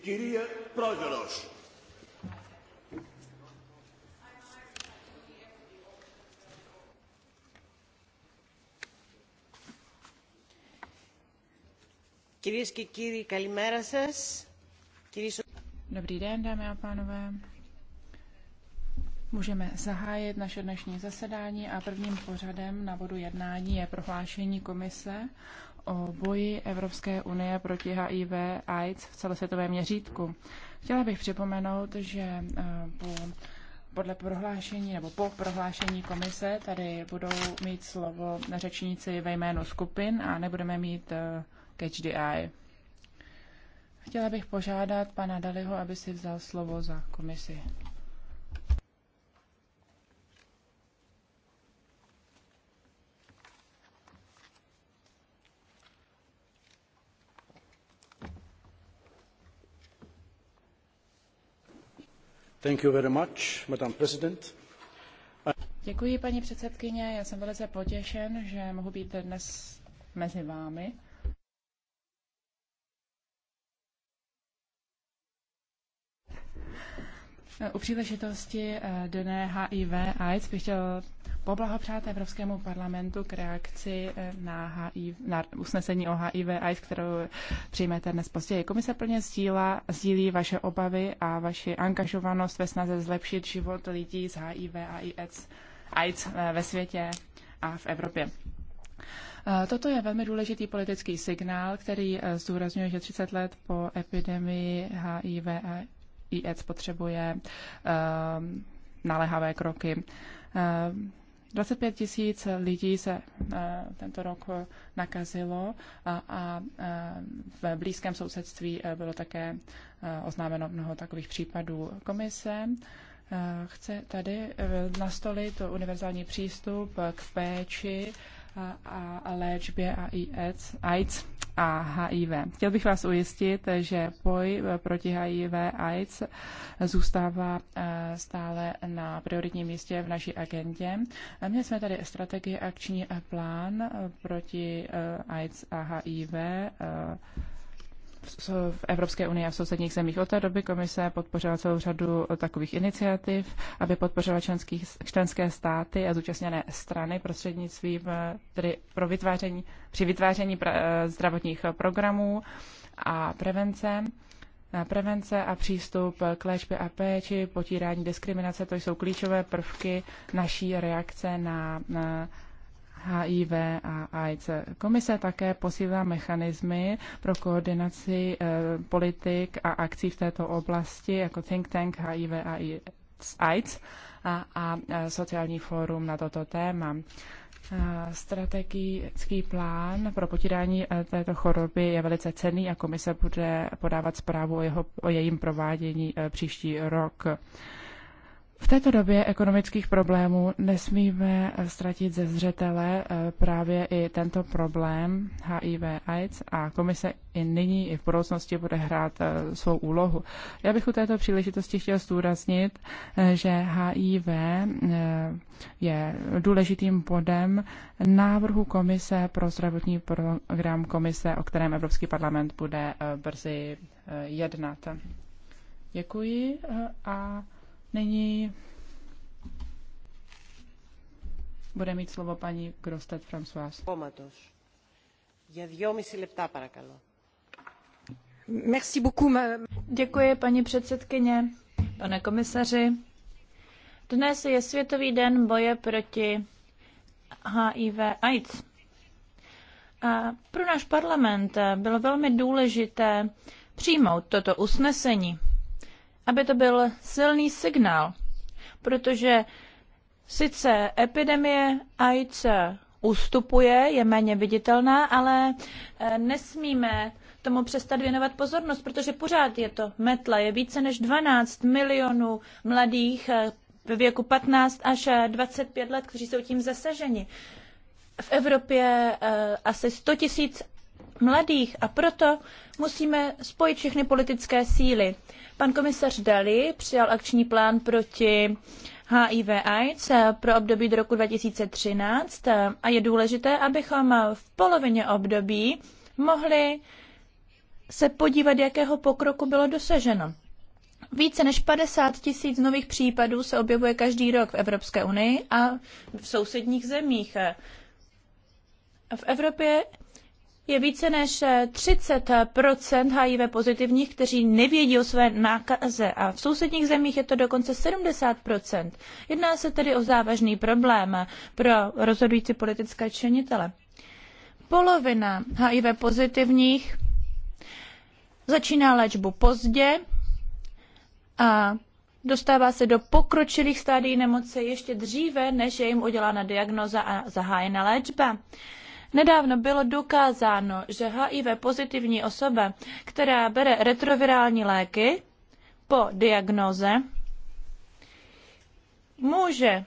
η κυρία Πρόεδρος. Κυρίες και κύριοι, καλημέρα σας. Dobrý den, dámy a pánové. Můžeme zahájit naše dnešní zasedání a prvním pořadem na bodu jednání je prohlášení komise o boji Evropské unie proti HIV AIDS v celosvětovém měřítku. Chtěla bych připomenout, že eh, po podle prohlášení nebo po prohlášení komise tady budou mít slovo řečníci ve jménu skupin a nebudeme mít eh, catch the eye. Chtěla bych požádat pana Daliho, aby si vzal slovo za komisi. Děkuji, paní předsedkyně. Já jsem velice potěšen, že mohu být dnes mezi vámi. U příležitosti eh, dne HIV AIDS bych chtěl poblahopřát Evropskému parlamentu k reakci eh, na, HIV, na usnesení o HIV AIDS, kterou přijmete dnes později. Komise plně sdíla, sdílí vaše obavy a vaši angažovanost ve snaze zlepšit život lidí s HIV a AIDS, AIDS eh, ve světě a v Evropě. Toto je velmi důležitý politický signál, který zdůrazňuje, že 30 let po epidemii HIV a IEC potřebuje ehm, naléhavé kroky. 25 ehm, tisíc lidí se eh, tento rok eh, nakazilo a, a ehm, v blízkém sousedství eh, bylo také oznámeno mnoho takových případů komise. Chce tady nastolit univerzální přístup k péči a léčbě a AIDS, AIDS a HIV. Chtěl bych vás ujistit, že boj e, proti HIV AIDS zůstává e, stále na prioritním místě v naší agendě. Měli jsme tady strategii akční plán e, proti AIDS a HIV v Evropské unii a v sousedních zemích. Od té doby komise podpořila celou řadu takových iniciativ, aby podpořila členských, členské státy a zúčastněné strany prostřednictvím eh, tedy pro vytváření, při vytváření pra, eh, zdravotních programů a prevence. Eh, prevence a přístup k léčbě a péči, potírání diskriminace, to jsou klíčové prvky naší reakce na, na HIV a AIDS. Komise také posílá mechanismy pro koordinaci eh, politik a akcí v této oblasti, jako think tank HIV a AIDS a, a sociální fórum na toto téma eh, strategický plán pro potírání eh, této choroby je velice cenný a komise bude podávat zprávu o, jeho, o jejím provádění příští rok. V této době ekonomických problémů nesmíme eh, ztratit ze zřetele eh, právě i tento problém HIV AIDS a komise i nyní, i v budoucnosti bude hrát eh, svou úlohu. Já bych u této příležitosti chtěl zdůraznit, že HIV je důležitým bodem návrhu komise pro zdravotní program komise, o kterém Evropský parlament bude brzy jednat. Děkuji a Nyní bude mít slovo paní Grostet François. Děkuji, paní předsedkyně, pane komisaři. Dnes je Světový den boje proti HIV AIDS. A pro náš parlament bylo velmi důležité přijmout toto usnesení aby to byl silný signál, protože sice epidemie AIDS ustupuje, je méně viditelná, ale eh, nesmíme tomu přestat věnovat pozornost, protože pořád je to metla. Je více než 12 milionů mladých eh, ve věku 15 až 25 eh, let, kteří jsou tím zasaženi. V Evropě asi 100 tisíc mladých a proto musíme spojit všechny politické síly. Pan komisař Dali přijal akční plán proti HIV AIDS pro období do roku 2013 a je důležité, abychom v polovině období mohli se podívat, jakého pokroku bylo dosaženo. Více než 50 tisíc nových případů se objevuje každý rok v Evropské unii a v sousedních zemích. V Evropě je více než 30 eh, HIV pozitivních, kteří nevědí o své nákaze a v sousedních zemích je to dokonce 70 Jedná se tedy o závažný problém pro rozhodující politické činitele. Polovina HIV pozitivních začíná léčbu pozdě a dostává se do pokročilých stádií nemoci ještě dříve, než je jim udělána diagnoza a zahájena léčba. Nedávno bylo dokázáno, že HIV pozitivní osoba, která bere retrovirální léky po diagnoze, může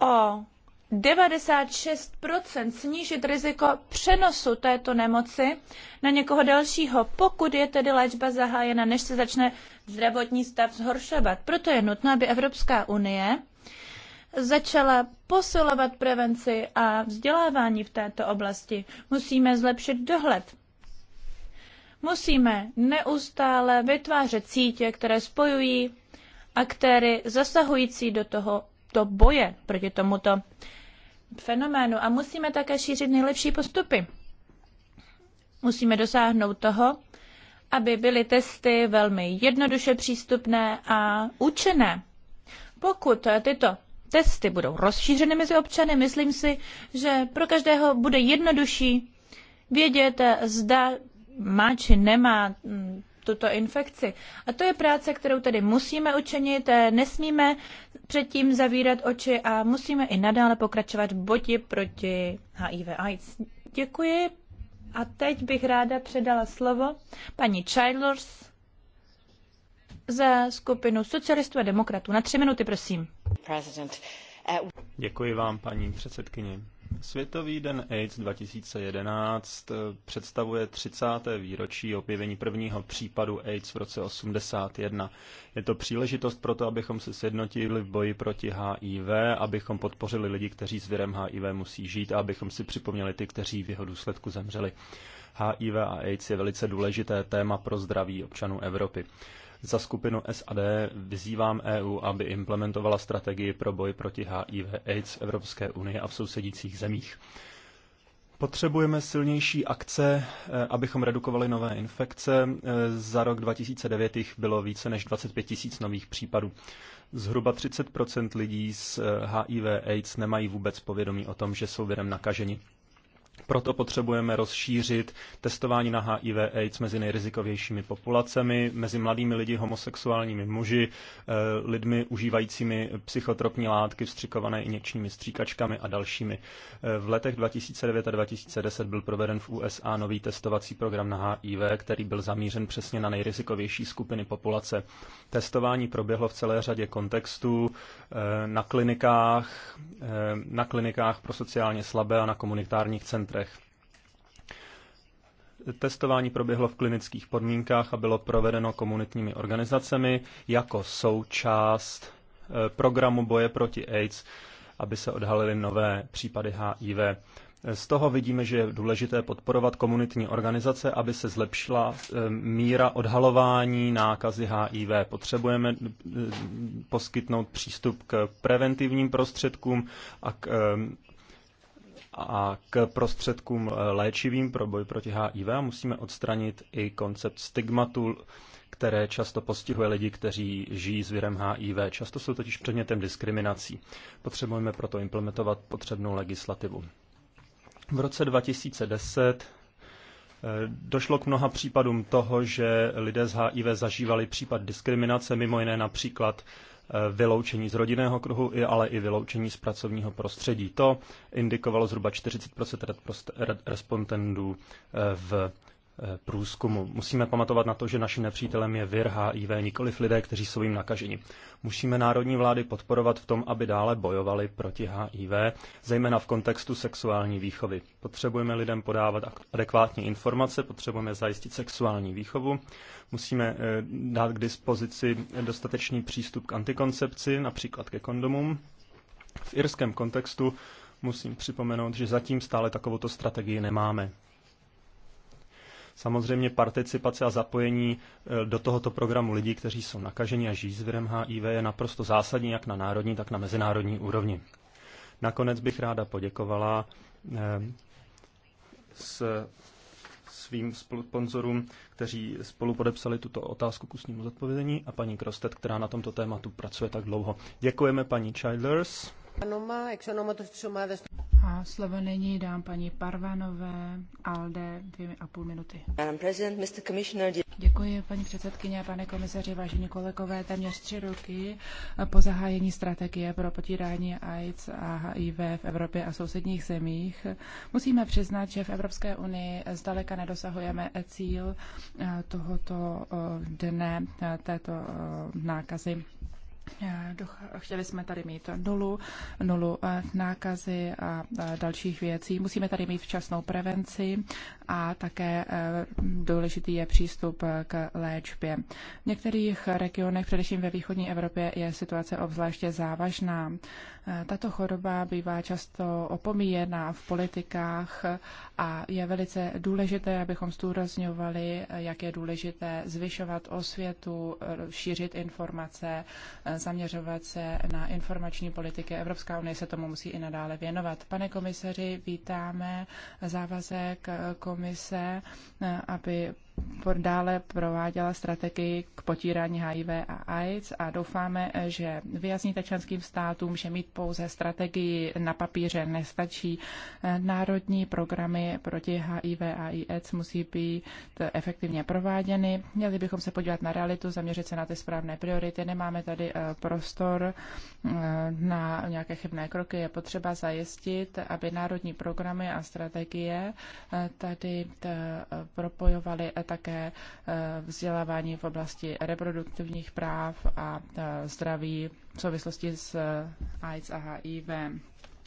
o 96 snížit riziko přenosu této nemoci na někoho dalšího, pokud je tedy léčba zahájena, než se začne zdravotní stav zhoršovat. Proto je nutno, aby Evropská unie začala posilovat prevenci a vzdělávání v této oblasti. Musíme zlepšit dohled. Musíme neustále vytvářet sítě, které spojují aktéry zasahující do toho to boje proti tomuto fenoménu. A musíme také šířit nejlepší postupy. Musíme dosáhnout toho, aby byly testy velmi jednoduše přístupné a účinné. Pokud tyto testy budou rozšířeny mezi občany, myslím si, že pro každého bude jednodušší vědět, zda má či nemá mm, tuto infekci. A to je práce, kterou tedy musíme učinit, nesmíme předtím zavírat oči a musíme i nadále pokračovat v boji proti HIV AIDS. Děkuji. A teď bych ráda předala slovo paní Childers za skupinu socialistů a demokratů. Na tři minuty, prosím. Uh, Děkuji vám, paní předsedkyně. Světový den AIDS 2011 eh, představuje 30. výročí objevení prvního případu AIDS v roce 81. Je to příležitost pro to, abychom se sjednotili v boji proti HIV, abychom podpořili lidi, kteří s virem HIV musí žít a abychom si připomněli ty, kteří v jeho důsledku zemřeli. HIV a AIDS je velice důležité téma pro zdraví občanů Evropy. Za skupinu SAD vyzývám EU, aby implementovala strategii pro boj proti HIV AIDS v Evropské unie a v sousedících zemích. Potřebujeme silnější akce, eh, abychom redukovali nové infekce. Eh, za rok 2009 jich bylo více než 25 tisíc nových případů. Zhruba 30 lidí s HIV eh, AIDS nemají vůbec povědomí o tom, že jsou virem nakaženi. Proto potřebujeme rozšířit testování na HIV AIDS mezi nejrizikovějšími populacemi, mezi mladými lidi, homosexuálními muži, eh, lidmi užívajícími psychotropní látky vstřikované injekčními stříkačkami a dalšími. Eh, v letech 2009 a 2010 byl proveden v USA nový testovací program na HIV, který byl zamířen přesně na nejrizikovější skupiny populace. Testování proběhlo v celé řadě kontextů, eh, na klinikách, na klinikách pro sociálně slabé a na komunitárních centrech letech. Testování proběhlo v klinických podmínkách a bylo provedeno komunitními organizacemi jako součást eh, programu boje proti AIDS, aby se odhalily nové případy HIV. Z toho vidíme, že je důležité podporovat komunitní organizace, aby se zlepšila eh, míra odhalování nákazy HIV. Potřebujeme eh, poskytnout přístup k preventivním prostředkům a k a k prostředkům eh, léčivým pro boj proti HIV a musíme odstranit i koncept stigmatu, které často postihuje lidi, kteří žijí s virem HIV. Často jsou totiž předmětem diskriminací. Potřebujeme proto implementovat potřebnou legislativu. V roce 2010 eh, Došlo k mnoha případům toho, že lidé z HIV zažívali případ diskriminace, mimo jiné například Eh, vyloučení z rodinného kruhu, ale i vyloučení z pracovního prostředí. To indikovalo zhruba 40 respondentů eh, v eh, průzkumu. Musíme pamatovat na to, že naším nepřítelem je vir HIV, nikoliv lidé, kteří jsou jim nakaženi. Musíme národní vlády podporovat v tom, aby dále bojovali proti HIV, zejména v kontextu sexuální výchovy. Potřebujeme lidem podávat adekvátní informace, potřebujeme zajistit sexuální výchovu Musíme eh, dát k dispozici dostatečný přístup k antikoncepci, například ke kondomům. V irském kontextu musím připomenout, že zatím stále takovouto strategii nemáme. Samozřejmě participace a zapojení eh, do tohoto programu lidí, kteří jsou nakaženi a žijí s virem HIV, je naprosto zásadní jak na národní, tak na mezinárodní úrovni. Nakonec bych ráda poděkovala eh, s svým sponzorům, kteří spolu podepsali tuto otázku k ústnímu zodpovězení a paní Krostet, která na tomto tématu pracuje tak dlouho. Děkujeme paní Childers. A slovo není dám paní Parvanové, Alde, dvě a půl minuty. Děkuji, paní předsedkyně a pane komisaři, vážení kolegové. Téměř tři roky po zahájení strategie pro potírání AIDS a HIV v Evropě a sousedních zemích musíme přiznat, že v Evropské unii zdaleka nedosahujeme cíl eh, tohoto eh, dne eh, této nákazy Eh, eh, chtěli jsme tady mít nulu, nulu eh, nákazy a dalších věcí. Musíme tady mít včasnou prevenci a také důležitý je přístup k léčbě. V některých regionech, především ve východní Evropě, je situace obzvláště závažná. Tato choroba bývá často opomíjená v politikách a je velice důležité, abychom zdůrazňovali, jak je důležité zvyšovat osvětu, šířit informace, zaměřovat se na informační politiky. Evropská unie se tomu musí i nadále věnovat. Pane komiseři, vítáme závazek komise, aby dále prováděla strategii k potírání HIV a AIDS a doufáme, že vyjasníte členským státům, že mít pouze strategii na papíře nestačí. Národní programy proti HIV a AIDS musí být efektivně prováděny. Měli bychom se podívat na realitu, zaměřit se na ty správné priority. Nemáme tady eh, prostor eh, na nějaké chybné kroky. Je potřeba zajistit, aby národní programy a strategie eh, tady propojovaly také eh, vzdělávání v oblasti reproduktivních práv a eh, zdraví v souvislosti s eh, AIDS a HIV.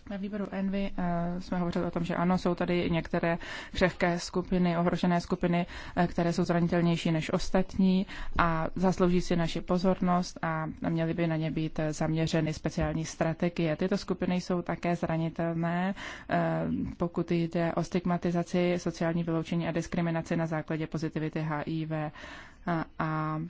Na výboru Envy eh, jsme hovořili o tom, že ano, jsou tady některé křehké skupiny, ohrožené skupiny, eh, které jsou zranitelnější než ostatní a zaslouží si naši pozornost a měly by na ně být eh, zaměřeny speciální strategie. Tyto skupiny jsou také zranitelné, pokud jde o stigmatizaci, sociální vyloučení a diskriminaci na základě pozitivity HIV. A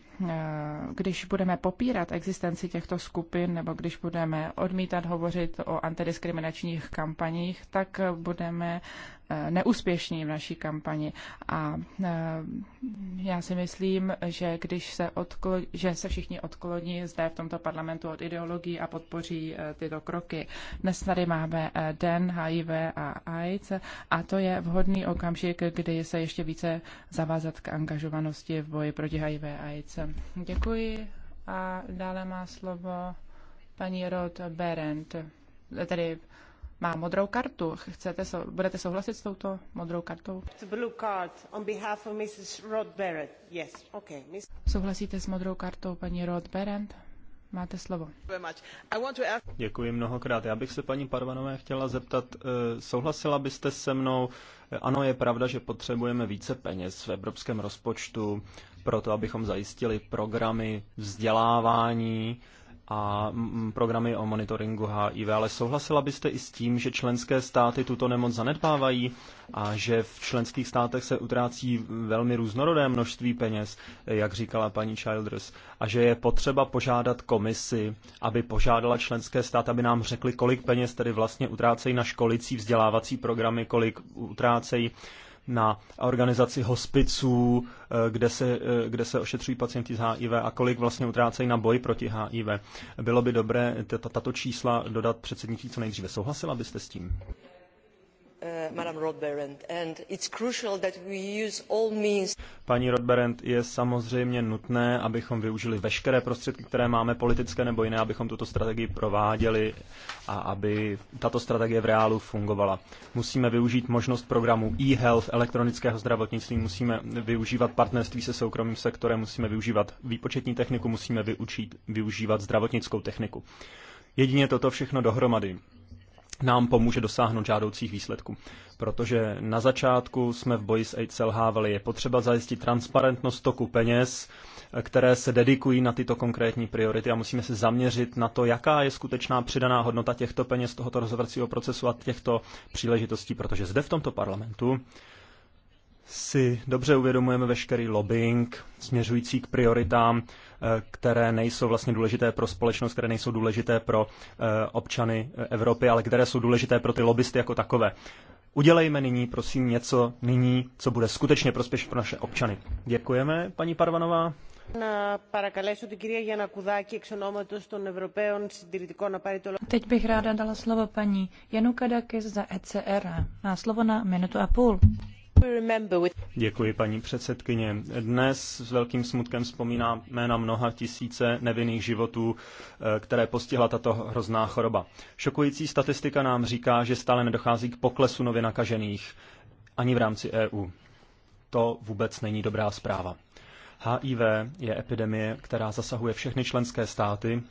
když budeme popírat existenci těchto skupin nebo když budeme odmítat hovořit o antidiskriminačních kampaních, tak budeme neúspěšní v naší kampani. A eh, já si myslím, že když se, odklo, že se všichni odkloní zde v tomto parlamentu od ideologií a podpoří eh, tyto kroky. Dnes tady máme eh, den HIV a AIDS a to je vhodný okamžik, kdy se ještě více zavázat k angažovanosti v boji proti HIV a AIDS. Děkuji a dále má slovo paní Rod Berendt, tedy má modrou kartu. Chcete, budete souhlasit s touto modrou kartou? Souhlasíte s modrou kartou paní Rod Berend? Máte slovo. Děkuji mnohokrát. Já bych se paní Parvanové chtěla zeptat, eh, souhlasila byste se mnou, ano, je pravda, že potřebujeme více peněz v evropském rozpočtu pro to, abychom zajistili programy vzdělávání, a programy o monitoringu HIV, ale souhlasila byste i s tím, že členské státy tuto nemoc zanedbávají a že v členských státech se utrácí velmi různorodé množství peněz, jak říkala paní Childers, a že je potřeba požádat komisi, aby požádala členské státy, aby nám řekli, kolik peněz tedy vlastně utrácejí na školicí vzdělávací programy, kolik utrácejí na organizaci hospiců, eh, kde se, eh, kde se ošetřují pacienti z HIV a kolik vlastně utrácejí na boj proti HIV. Bylo by dobré tato čísla dodat předsednictví co nejdříve. Souhlasila byste s tím? Uh, Paní Rodberend, je samozřejmě nutné, abychom využili veškeré prostředky, které máme, politické nebo jiné, abychom tuto strategii prováděli a aby tato strategie v reálu fungovala. Musíme využít možnost programu e-health, elektronického zdravotnictví, musíme využívat partnerství se soukromým sektorem, musíme využívat výpočetní techniku, musíme vyučít, využívat zdravotnickou techniku. Jedině toto všechno dohromady nám pomůže dosáhnout žádoucích výsledků. Protože na začátku jsme v boji s AIDS selhávali. Je potřeba zajistit transparentnost toku peněz, které se dedikují na tyto konkrétní priority a musíme se zaměřit na to, jaká je skutečná přidaná hodnota těchto peněz, tohoto rozhodovacího procesu a těchto příležitostí, protože zde v tomto parlamentu si dobře uvědomujeme veškerý lobbying směřující k prioritám, eh, které nejsou vlastně důležité pro společnost, které nejsou důležité pro eh, občany eh, Evropy, ale které jsou důležité pro ty lobbysty jako takové. Udělejme nyní, prosím, něco nyní, co bude skutečně prospěšné pro naše občany. Děkujeme, paní Parvanová. Teď bych ráda dala slovo paní Janu Kadakis za ECR. Má slovo na minutu a půl. Děkuji, paní předsedkyně. Dnes s velkým smutkem vzpomínáme na mnoha tisíce nevinných životů, eh, které postihla tato hrozná choroba. Šokující statistika nám říká, že stále nedochází k poklesu nově nakažených ani v rámci EU. To vůbec není dobrá zpráva. HIV je epidemie, která zasahuje všechny členské státy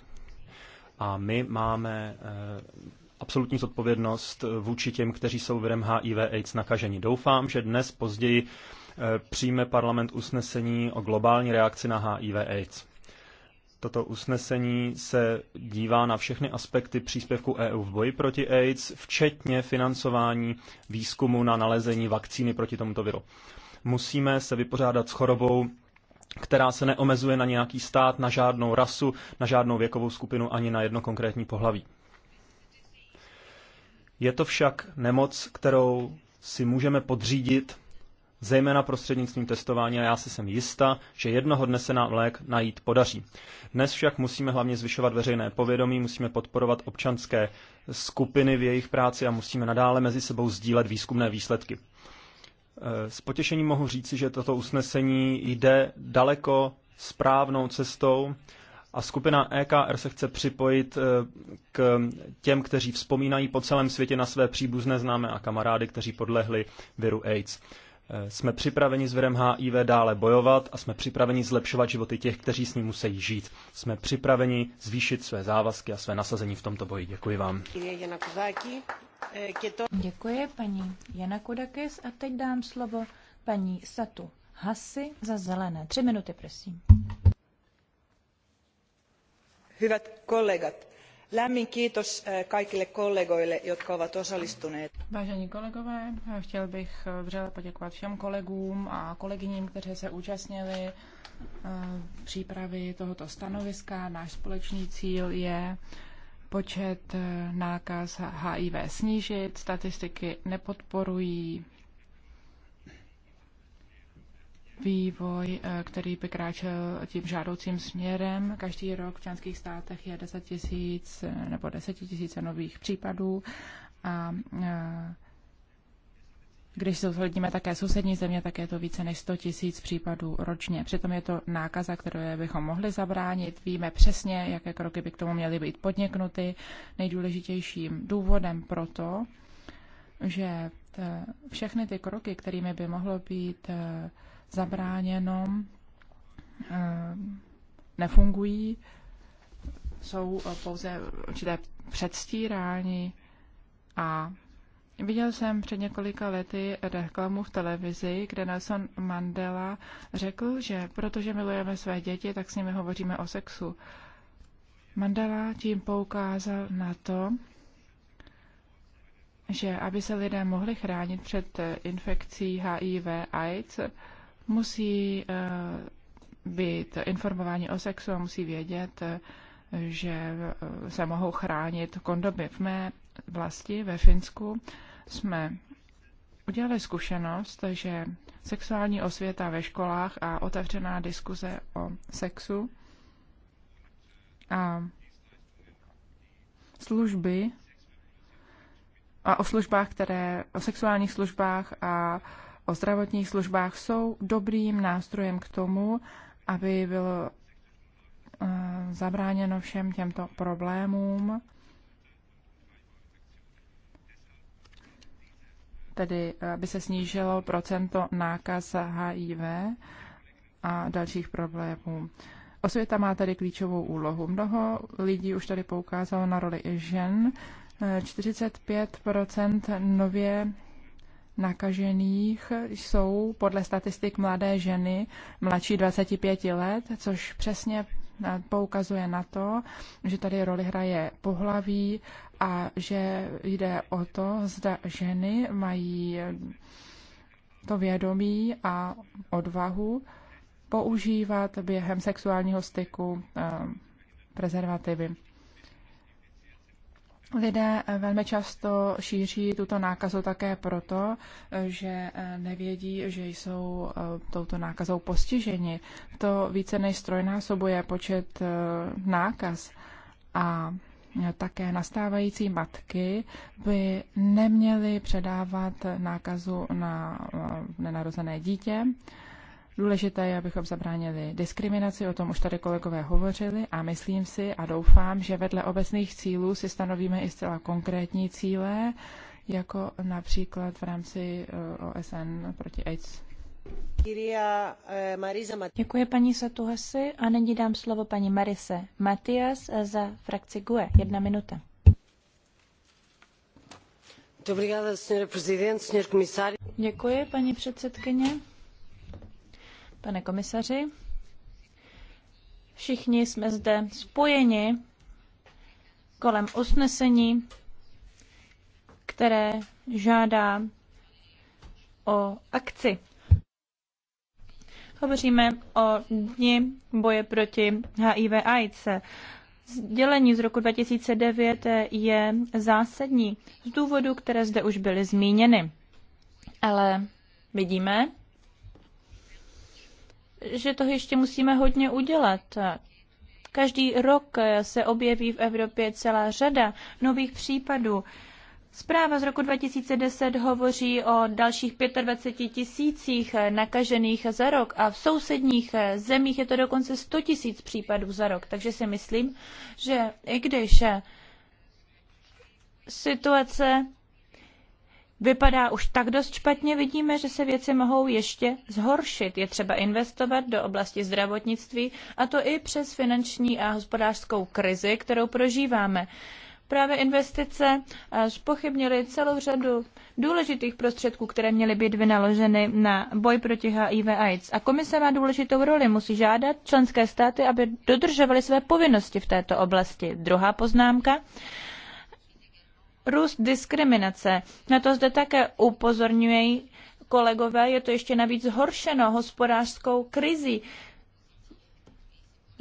a my máme eh, absolutní zodpovědnost eh, vůči těm, kteří jsou virem HIV AIDS nakaženi. Doufám, že dnes později eh, přijme parlament usnesení o globální reakci na HIV AIDS. Toto usnesení se dívá na všechny aspekty příspěvku EU v boji proti AIDS, včetně financování výzkumu na nalezení vakcíny proti tomuto viru. Musíme se vypořádat s chorobou, která se neomezuje na nějaký stát, na žádnou rasu, na žádnou věkovou skupinu ani na jedno konkrétní pohlaví. Je to však nemoc, kterou si můžeme podřídit, zejména prostřednictvím testování a já si jsem jista, že jednoho dne se nám lék najít podaří. Dnes však musíme hlavně zvyšovat veřejné povědomí, musíme podporovat občanské skupiny v jejich práci a musíme nadále mezi sebou sdílet výzkumné výsledky. S potěšením mohu říci, že toto usnesení jde daleko správnou cestou a skupina EKR se chce připojit eh, k těm, kteří vzpomínají po celém světě na své příbuzné známé a kamarády, kteří podlehli viru AIDS. Eh, jsme připraveni s virem HIV dále bojovat a jsme připraveni zlepšovat životy těch, kteří s ním musí žít. Jsme připraveni zvýšit své závazky a své nasazení v tomto boji. Děkuji vám. Děkuji paní Jana Kudakis a teď dám slovo paní Satu Hasi za zelené. Tři minuty, prosím hyvät kollegat lämmin kiitos eh, kaikille kollegoille jotka ovat osallistuneet. Vážení kolegové, eh, chtěl bych eh, vřele poděkovat všem kolegům a kolegyním, kteří se účastnili přípravy tohoto stanoviska. Náš společný cíl je počet nákaz HIV snížit, statistiky nepodporují vývoj, eh, který by kráčel tím žádoucím směrem. Každý rok v členských státech je 10 tisíc eh, nebo 10 tisíce nových případů a eh, když zhledíme také sousední země, tak je to více než 100 tisíc případů ročně. Přitom je to nákaza, kterou bychom mohli zabránit. Víme přesně, jaké kroky by k tomu měly být podniknuty. Nejdůležitějším důvodem proto, že všechny ty kroky, kterými by mohlo být zabráněno, eh, nefungují, jsou eh, pouze určité předstírání a Viděl jsem před několika lety reklamu v televizi, kde Nelson Mandela řekl, že protože milujeme své děti, tak s nimi hovoříme o sexu. Mandela tím poukázal na to, že aby se lidé mohli chránit před eh, infekcí HIV AIDS, musí eh, být informováni o sexu a musí vědět, eh, že eh, se mohou chránit kondomy. V mé vlasti ve Finsku jsme udělali zkušenost, že sexuální osvěta ve školách a otevřená diskuze o sexu a služby a o službách, které, o sexuálních službách a o zdravotních službách jsou dobrým nástrojem k tomu, aby bylo eh, zabráněno všem těmto problémům. Tedy eh, aby se snížilo procento nákaz HIV a dalších problémů. Osvěta má tady klíčovou úlohu. Mnoho lidí už tady poukázalo na roli žen. 45 eh, nově nakažených jsou podle statistik mladé ženy mladší 25 let, což přesně eh, poukazuje na to, že tady roli hraje pohlaví a že jde o to, zda ženy mají eh, to vědomí a odvahu používat během sexuálního styku eh, prezervativy. Lidé eh, velmi často šíří tuto nákazu také proto, eh, že eh, nevědí, že jsou touto nákazou postiženi. To více než strojnásobuje počet nákaz a také nastávající matky by neměly předávat nákazu na nenarozené dítě. Důležité je, abychom zabránili diskriminaci, o tom už tady kolegové hovořili a myslím si a doufám, že vedle obecných cílů si stanovíme i zcela konkrétní cíle, jako například v rámci eh, OSN proti AIDS. Eh, Děkuji paní Satuhasi a nyní dám slovo paní Marise Matias eh, za frakci GUE. Jedna minuta. Děkuji, paní předsedkyně pane komisaři. Všichni jsme zde spojeni kolem usnesení, které žádá o akci. Hovoříme o dni boje proti HIV AIDS. Sdělení z roku 2009 je zásadní z důvodu, které zde už byly zmíněny. Ale vidíme, že toho ještě musíme hodně udělat. Každý rok se objeví v Evropě celá řada nových případů. Zpráva z roku 2010 hovoří o dalších 25 tisících nakažených za rok a v sousedních zemích je to dokonce 100 tisíc případů za rok. Takže si myslím, že i když situace vypadá už tak dost špatně, vidíme, že se věci mohou ještě zhoršit. Je třeba investovat do oblasti zdravotnictví a to i přes finanční a hospodářskou krizi, kterou prožíváme. Právě investice zpochybnily celou řadu důležitých prostředků, které měly být vynaloženy na boj proti HIV AIDS. A komise má důležitou roli, musí žádat členské státy, aby dodržovaly své povinnosti v této oblasti. Druhá poznámka růst diskriminace. Na to zde také upozorňují kolegové, je to ještě navíc zhoršeno hospodářskou krizí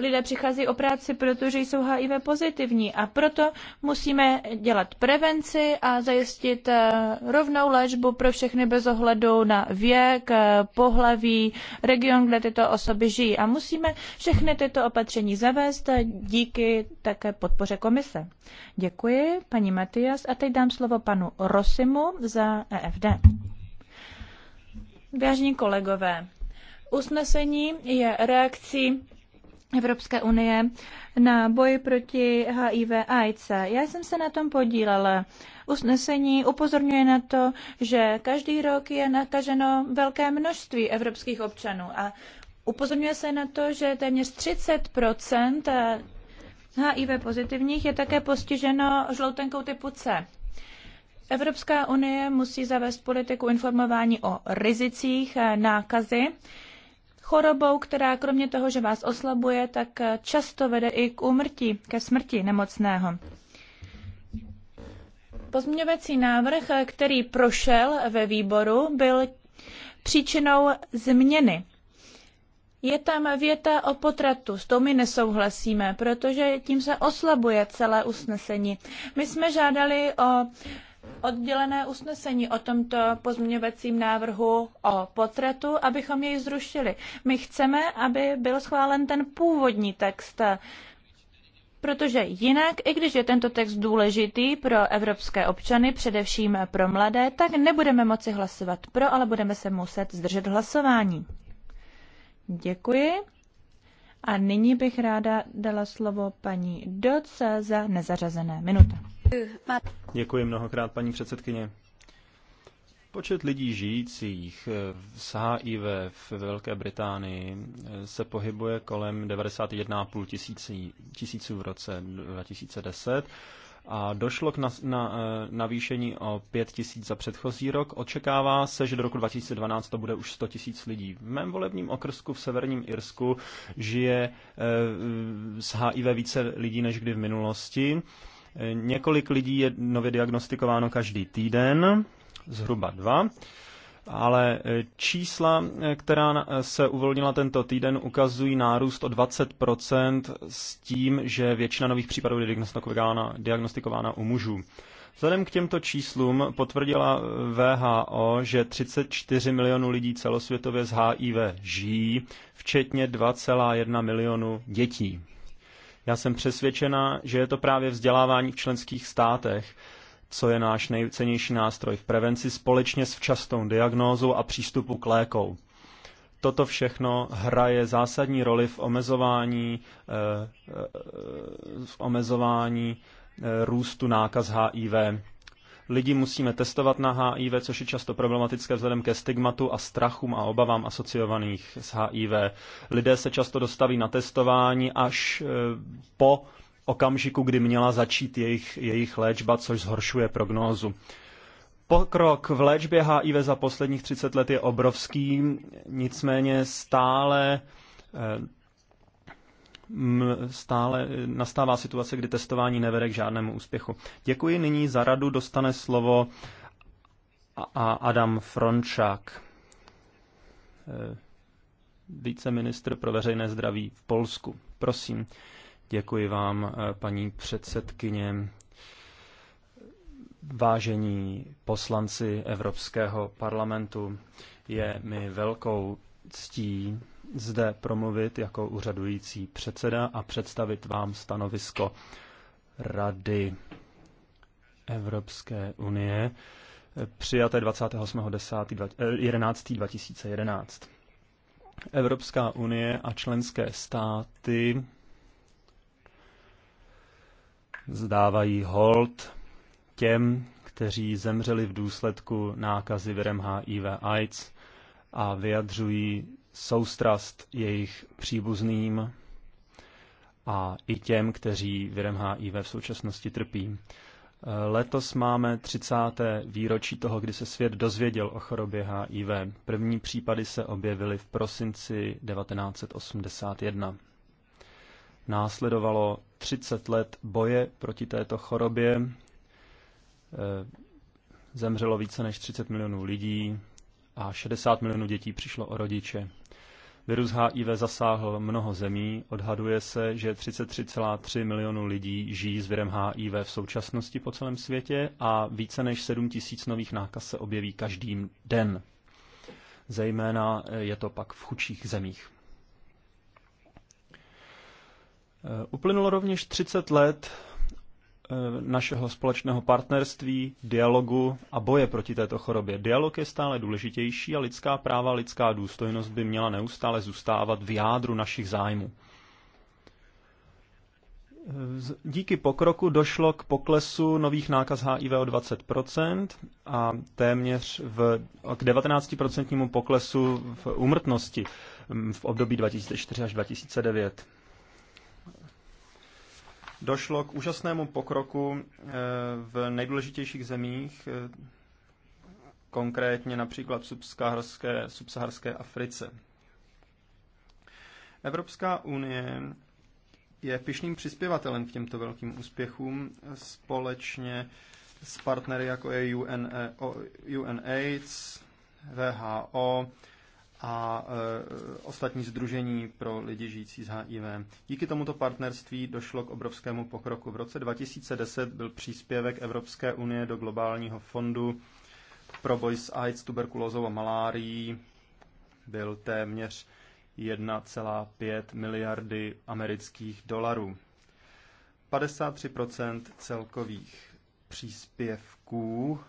lidé přicházejí o práci, protože jsou HIV pozitivní a proto musíme dělat prevenci a zajistit eh, rovnou léčbu pro všechny bez ohledu na věk, eh, pohlaví, region, kde tyto osoby žijí. A musíme všechny tyto opatření zavést díky také podpoře komise. Děkuji, paní Matias. A teď dám slovo panu Rosimu za EFD. Vážení kolegové, usnesení je reakcí Evropské unie na boji proti HIV AIDS. Já jsem se na tom podílela. Usnesení upozorňuje na to, že každý rok je nakaženo velké množství evropských občanů a upozorňuje se na to, že téměř 30 HIV pozitivních je také postiženo žloutenkou typu C. Evropská unie musí zavést politiku informování o rizicích nákazy chorobou, která kromě toho, že vás oslabuje, tak eh, často vede i k úmrtí, ke smrti nemocného. Pozměňovací návrh, eh, který prošel ve výboru, byl příčinou změny. Je tam věta o potratu, s tou my nesouhlasíme, protože tím se oslabuje celé usnesení. My jsme žádali o oddělené usnesení o tomto pozměňovacím návrhu o potratu, abychom jej zrušili. My chceme, aby byl schválen ten původní text, protože jinak, i když je tento text důležitý pro evropské občany, především pro mladé, tak nebudeme moci hlasovat pro, ale budeme se muset zdržet hlasování. Děkuji. A nyní bych ráda dala slovo paní Doce za nezařazené minuta. Děkuji mnohokrát, paní předsedkyně. Počet lidí žijících s HIV v Velké Británii se pohybuje kolem 91,5 tisíců v roce 2010 a došlo k na, na, eh, navýšení o 5 tisíc za předchozí rok. Očekává se, že do roku 2012 to bude už 100 tisíc lidí. V mém volebním okrsku v severním Irsku žije e, eh, s HIV více lidí než kdy v minulosti. Několik lidí je nově diagnostikováno každý týden, zhruba dva. Ale čísla, která se uvolnila tento týden, ukazují nárůst o 20% s tím, že většina nových případů je diagnostikována, diagnostikována u mužů. Vzhledem k těmto číslům potvrdila VHO, že 34 milionů lidí celosvětově z HIV žijí, včetně 2,1 milionu dětí. Já jsem přesvědčena, že je to právě vzdělávání v členských státech, co je náš nejcennější nástroj v prevenci společně s včasnou diagnózou a přístupu k lékou. Toto všechno hraje zásadní roli v omezování, eh, eh, v omezování eh, růstu nákaz HIV. Lidi musíme testovat na HIV, což je často problematické vzhledem ke stigmatu a strachům a obavám asociovaných s HIV. Lidé se často dostaví na testování až e, po okamžiku, kdy měla začít jejich, jejich léčba, což zhoršuje prognózu. Pokrok v léčbě HIV za posledních 30 let je obrovský, nicméně stále e, stále nastává situace, kdy testování nevede k žádnému úspěchu. Děkuji nyní za radu, dostane slovo a Adam Frončák, eh, viceministr pro veřejné zdraví v Polsku. Prosím, děkuji vám, eh, paní předsedkyně, vážení poslanci Evropského parlamentu. Je mi velkou ctí zde promluvit jako úřadující předseda a představit vám stanovisko Rady Evropské unie eh, přijaté 28.11.2011. Eh, Evropská unie a členské státy zdávají hold těm, kteří zemřeli v důsledku nákazy virem HIV AIDS a vyjadřují soustrast jejich příbuzným a i těm, kteří virem HIV v současnosti trpí. Letos máme 30. výročí toho, kdy se svět dozvěděl o chorobě HIV. První případy se objevily v prosinci 1981. Následovalo 30 let boje proti této chorobě. E, zemřelo více než 30 milionů lidí a 60 milionů dětí přišlo o rodiče. Virus HIV zasáhl mnoho zemí. Odhaduje se, že 33,3 milionů lidí žijí s virem HIV v současnosti po celém světě a více než 7 tisíc nových nákaz se objeví každý den. Zejména eh, je to pak v chudších zemích. Eh, uplynulo rovněž 30 let Eh, našeho společného partnerství, dialogu a boje proti této chorobě. Dialog je stále důležitější a lidská práva, lidská důstojnost by měla neustále zůstávat v jádru našich zájmů. Díky pokroku došlo k poklesu nových nákaz HIV o 20% a téměř v, k 19% poklesu v úmrtnosti mm, v období 2004 až 2009. Došlo k úžasnému pokroku eh, v nejdůležitějších zemích, eh, konkrétně například v subsaharské, subsaharské Africe. Evropská unie je pišným přispěvatelem k těmto velkým úspěchům společně s partnery jako je UNAIDS, e VHO, a e, ostatní združení pro lidi žijící s HIV. Díky tomuto partnerství došlo k obrovskému pokroku. V roce 2010 byl příspěvek Evropské unie do globálního fondu pro boj s AIDS, tuberkulózou a malárií byl téměř 1,5 miliardy amerických dolarů. 53 celkových příspěvků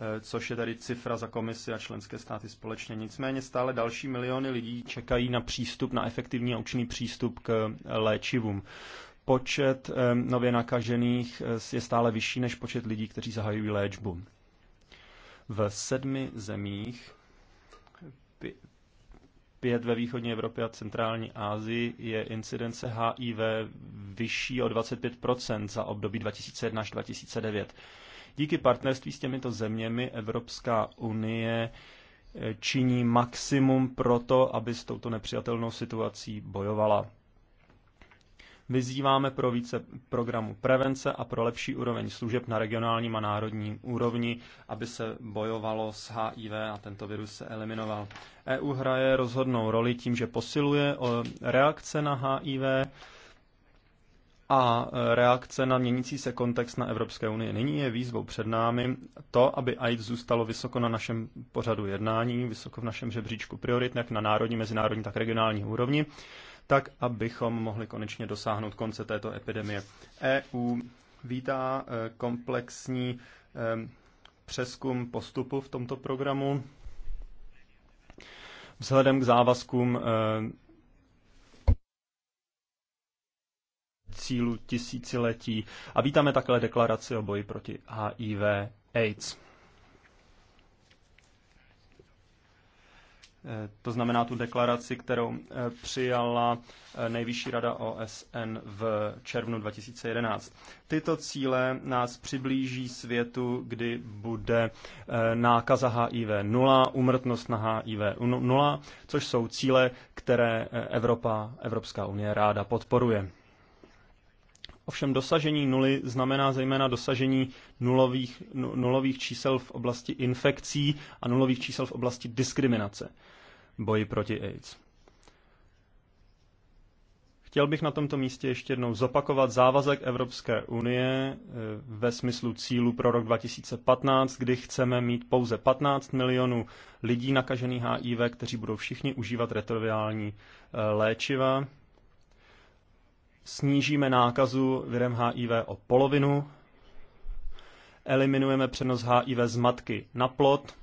Eh, což je tady cifra za komisi a členské státy společně. Nicméně stále další miliony lidí čekají na přístup, na efektivní a účinný přístup k eh, léčivům. Počet eh, nově nakažených je stále vyšší než počet lidí, kteří zahajují léčbu. V sedmi zemích, pět ve východní Evropě a centrální Asii, je incidence HIV vyšší o 25% za období 2001 až 2009 Díky partnerství s těmito zeměmi Evropská unie eh, činí maximum pro to, aby s touto nepřijatelnou situací bojovala. Vyzýváme pro více programů prevence a pro lepší úroveň služeb na regionálním a národním úrovni, aby se bojovalo s HIV a tento virus se eliminoval. EU hraje rozhodnou roli tím, že posiluje reakce na HIV, a reakce na měnící se kontext na Evropské unii. Nyní je výzvou před námi to, aby AIDS zůstalo vysoko na našem pořadu jednání, vysoko v našem žebříčku priorit, jak na národní, mezinárodní, tak regionální úrovni, tak abychom mohli konečně dosáhnout konce této epidemie. EU vítá e, komplexní e, přeskum postupu v tomto programu. Vzhledem k závazkům e, cílu tisíciletí. A vítáme také deklaraci o boji proti HIV AIDS. Eh, to znamená tu deklaraci, kterou eh, přijala eh, Nejvyšší rada OSN v červnu 2011. Tyto cíle nás přiblíží světu, kdy bude nákaza HIV 0, umrtnost na HIV 0, což jsou cíle, které Evropa, Evropská unie ráda podporuje. Ovšem dosažení nuly znamená zejména dosažení nulových, nulových čísel v oblasti infekcí a nulových čísel v oblasti diskriminace boji proti AIDS. Chtěl bych na tomto místě ještě jednou zopakovat závazek Evropské unie eh, ve smyslu cílu pro rok 2015, kdy chceme mít pouze 15 milionů lidí nakažených HIV, kteří budou všichni užívat retroviální eh, léčiva snížíme nákazu virem HIV o polovinu, eliminujeme přenos HIV z matky na plod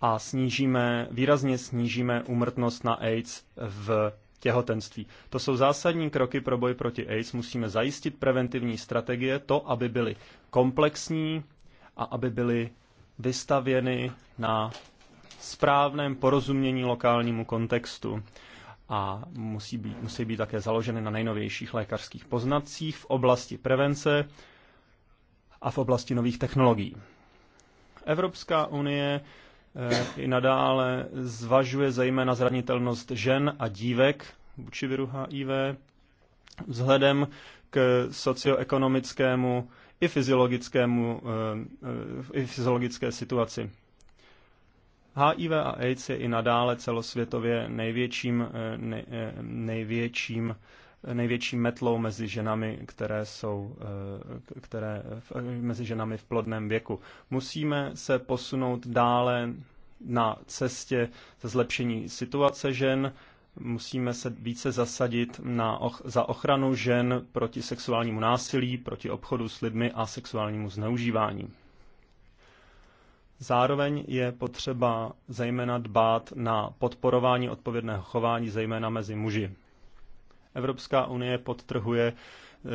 a snížíme, výrazně snížíme umrtnost na AIDS v těhotenství. To jsou zásadní kroky pro boj proti AIDS. Musíme zajistit preventivní strategie, to, aby byly komplexní a aby byly vystavěny na správném porozumění lokálnímu kontextu a musí být, musí být také založeny na nejnovějších lékařských poznatcích v oblasti prevence a v oblasti nových technologií. Evropská unie eh, i nadále zvažuje zejména zranitelnost žen a dívek vůči viru HIV vzhledem k socioekonomickému i fyziologickému, eh, eh, i fyziologické situaci. HIV a AIDS je i nadále celosvětově největším, eh, eh, největším eh, největším metlou mezi ženami, které jsou které, mezi ženami v plodném věku. Musíme se posunout dále na cestě ze zlepšení situace žen, musíme se více zasadit na, za ochranu žen proti sexuálnímu násilí, proti obchodu s lidmi a sexuálnímu zneužívání. Zároveň je potřeba zejména dbát na podporování odpovědného chování, zejména mezi muži. Evropská unie podtrhuje eh,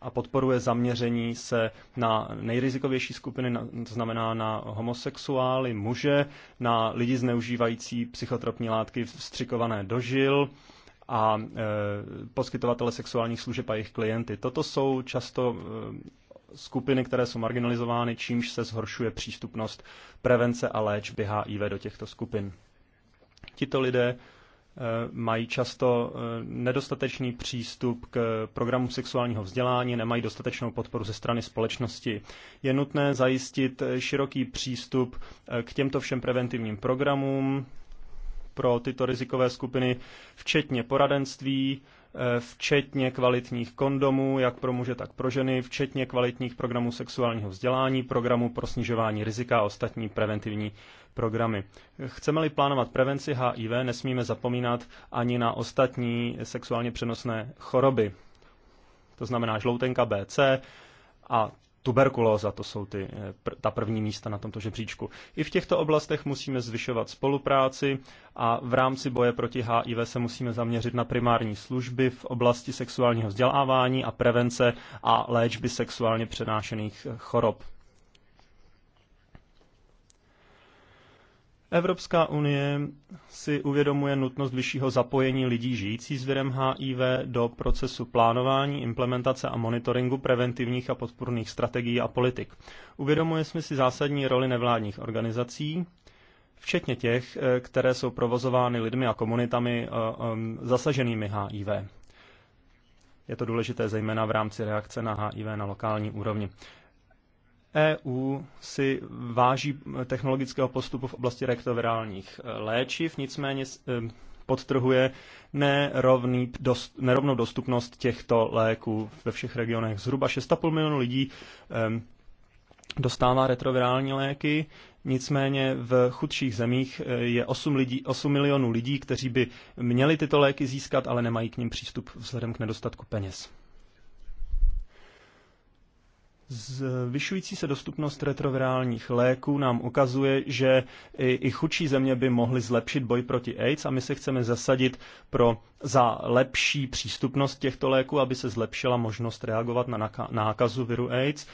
a podporuje zaměření se na nejrizikovější skupiny, to znamená na homosexuály, muže, na lidi zneužívající psychotropní látky vstřikované do žil a eh, poskytovatele sexuálních služeb a jejich klienty. Toto jsou často eh, skupiny, které jsou marginalizovány, čímž se zhoršuje přístupnost prevence a léčby HIV do těchto skupin. Tito lidé eh, mají často eh, nedostatečný přístup k programu sexuálního vzdělání, nemají dostatečnou podporu ze strany společnosti. Je nutné zajistit eh, široký přístup k těmto všem preventivním programům pro tyto rizikové skupiny, včetně poradenství, Eh, včetně kvalitních kondomů, jak pro muže, tak pro ženy, včetně kvalitních programů sexuálního vzdělání, programů pro snižování rizika a ostatní preventivní programy. Chceme-li plánovat prevenci HIV, nesmíme zapomínat ani na ostatní sexuálně přenosné choroby. To znamená žloutenka BC a tuberkulóza, to jsou ty, eh, ta první místa na tomto žebříčku. I v těchto oblastech musíme zvyšovat spolupráci a v rámci boje proti HIV se musíme zaměřit na primární služby v oblasti sexuálního vzdělávání a prevence a léčby sexuálně přenášených eh, chorob. Evropská unie si uvědomuje nutnost vyššího zapojení lidí žijící s virem HIV do procesu plánování, implementace a monitoringu preventivních a podpůrných strategií a politik. Uvědomuje jsme si zásadní roli nevládních organizací, včetně těch, eh, které jsou provozovány lidmi a komunitami eh, zasaženými HIV. Je to důležité zejména v rámci reakce na HIV na lokální úrovni. EU si váží eh, technologického postupu v oblasti rektovirálních eh, léčiv, nicméně eh, podtrhuje nerovný dost, nerovnou dostupnost těchto léků ve všech regionech. Zhruba 6,5 milionu lidí ehm, dostává retrovirální léky, nicméně v chudších zemích je 8, lidí, 8 milionů lidí, kteří by měli tyto léky získat, ale nemají k ním přístup vzhledem k nedostatku peněz. Zvyšující se dostupnost retrovirálních léků nám ukazuje, že i, i chudší země by mohly zlepšit boj proti AIDS a my se chceme zasadit pro, za lepší přístupnost těchto léků, aby se zlepšila možnost reagovat na nákazu viru AIDS.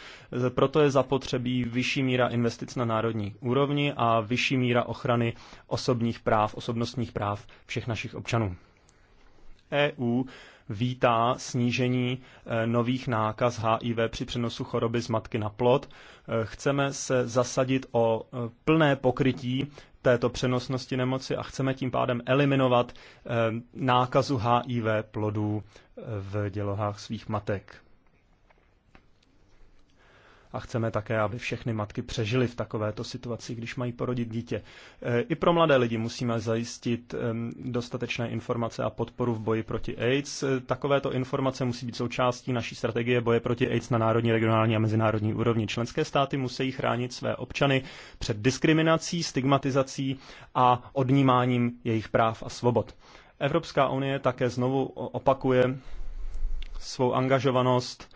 Proto je zapotřebí vyšší míra investic na národní úrovni a vyšší míra ochrany osobních práv, osobnostních práv všech našich občanů. EU vítá snížení eh, nových nákaz HIV při přenosu choroby z matky na plod. Eh, chceme se zasadit o eh, plné pokrytí této přenosnosti nemoci a chceme tím pádem eliminovat nákazu HIV plodů v dělohách svých matek a chceme také, aby všechny matky přežily v takovéto situaci, když mají porodit dítě. E, I pro mladé lidi musíme zajistit dostatečné informace a podporu v boji proti AIDS. E, takovéto informace musí být součástí naší strategie boje proti AIDS na národní, regionální a mezinárodní úrovni. Členské státy musí chránit své občany před diskriminací, stigmatizací a odnímáním jejich práv a svobod. Evropská unie také znovu opakuje svou angažovanost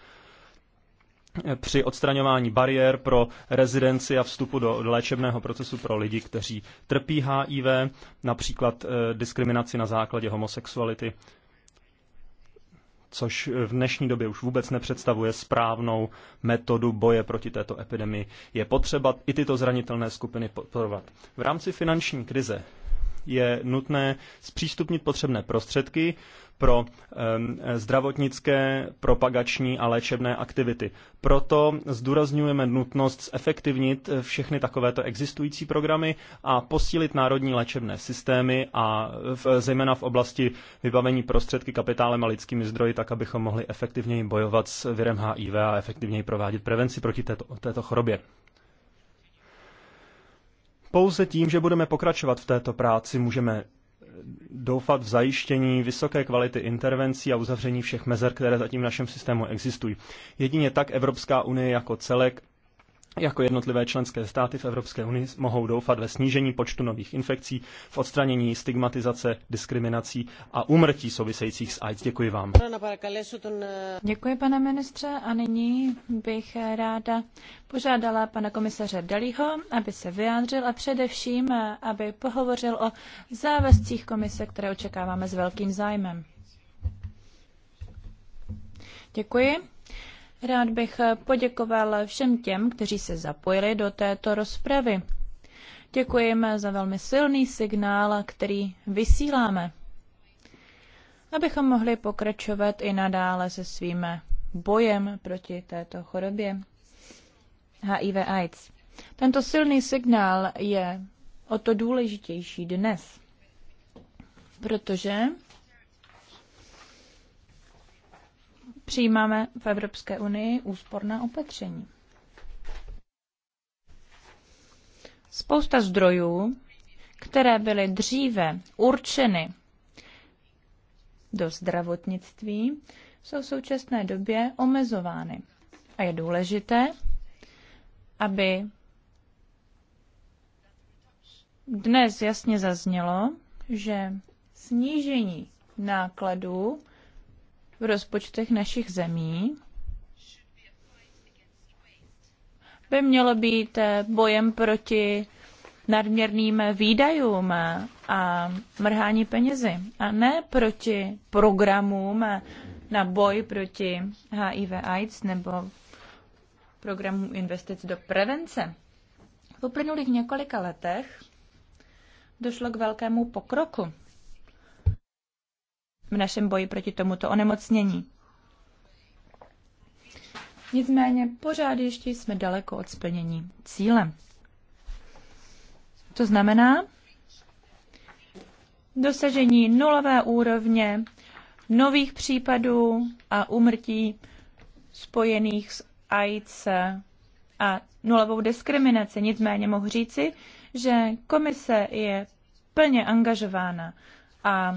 při odstraňování bariér pro rezidenci a vstupu do léčebného procesu pro lidi, kteří trpí HIV, například eh, diskriminaci na základě homosexuality, což v dnešní době už vůbec nepředstavuje správnou metodu boje proti této epidemii. Je potřeba i tyto zranitelné skupiny podporovat. V rámci finanční krize je nutné zpřístupnit potřebné prostředky, pro zdravotnické, propagační a léčebné aktivity. Proto zdůrazňujeme nutnost zefektivnit eh, všechny takovéto existující programy a posílit národní léčebné systémy a v, zejména v oblasti vybavení prostředky kapitálem a lidskými zdroji, tak abychom mohli efektivněji bojovat s virem HIV a efektivněji provádět prevenci proti této, této chorobě. Pouze tím, že budeme pokračovat v této práci, můžeme doufat v zajištění vysoké kvality intervencí a uzavření všech mezer, které zatím v našem systému existují. Jedině tak Evropská unie jako celek jako jednotlivé členské státy v Evropské unii mohou doufat ve snížení počtu nových infekcí, v odstranění stigmatizace, diskriminací a úmrtí souvisejících s AIDS. Děkuji vám. Děkuji, pane ministře, a nyní bych ráda požádala pana komisaře Dalího, aby se vyjádřil a především, aby pohovořil o závazcích komise, které očekáváme s velkým zájmem. Děkuji. Rád bych poděkoval všem těm, kteří se zapojili do této rozpravy. Děkujeme za velmi silný signál, který vysíláme, abychom mohli pokračovat i nadále se svým bojem proti této chorobě HIV AIDS. Tento silný signál je o to důležitější dnes, protože přijímáme v Evropské unii úsporná opatření. Spousta zdrojů, které byly dříve určeny do zdravotnictví, jsou v současné době omezovány. A je důležité, aby dnes jasně zaznělo, že snížení nákladů v rozpočtech našich zemí by mělo být bojem proti nadměrným výdajům a mrhání penězi a ne proti programům na boj proti HIV AIDS nebo programů investic do prevence. V uplynulých několika letech došlo k velkému pokroku v našem boji proti tomuto onemocnění. Nicméně pořád ještě jsme daleko od splnění cíle. To znamená dosažení nulové úrovně nových případů a umrtí spojených s AIDS a nulovou diskriminaci. Nicméně mohu říci, že komise je plně angažována a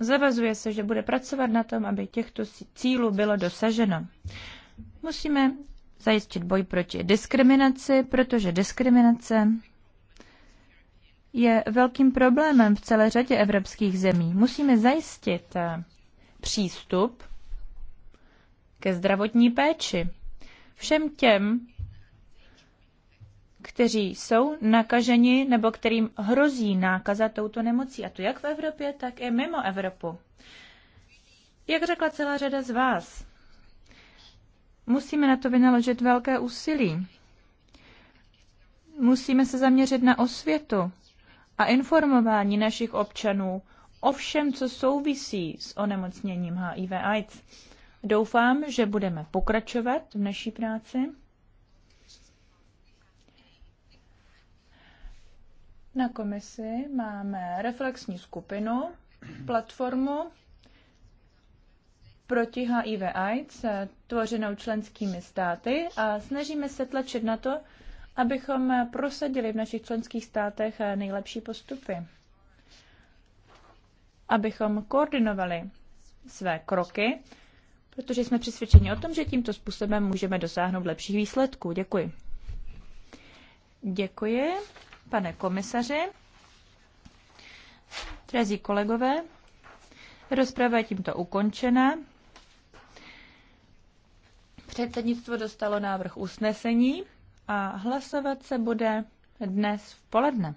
Zavazuje se, že bude pracovat na tom, aby těchto cílů bylo dosaženo. Musíme zajistit boj proti diskriminaci, protože diskriminace je velkým problémem v celé řadě evropských zemí. Musíme zajistit eh, přístup ke zdravotní péči všem těm, kteří jsou nakaženi nebo kterým hrozí nákaza touto nemocí, a to jak v Evropě, tak i mimo Evropu. Jak řekla celá řada z vás, musíme na to vynaložit velké úsilí. Musíme se zaměřit na osvětu a informování našich občanů o všem, co souvisí s onemocněním HIV AIDS. Doufám, že budeme pokračovat v naší práci. Na komisi máme reflexní skupinu, platformu proti HIV AIDS tvořenou členskými státy a snažíme se tlačit na to, abychom prosadili v našich členských státech nejlepší postupy. Abychom koordinovali své kroky, protože jsme přesvědčeni o tom, že tímto způsobem můžeme dosáhnout lepších výsledků. Děkuji. Děkuji pane komisaři, drazí kolegové, rozprava je tímto ukončena. Předsednictvo dostalo návrh usnesení a hlasovat se bude dnes v poledne.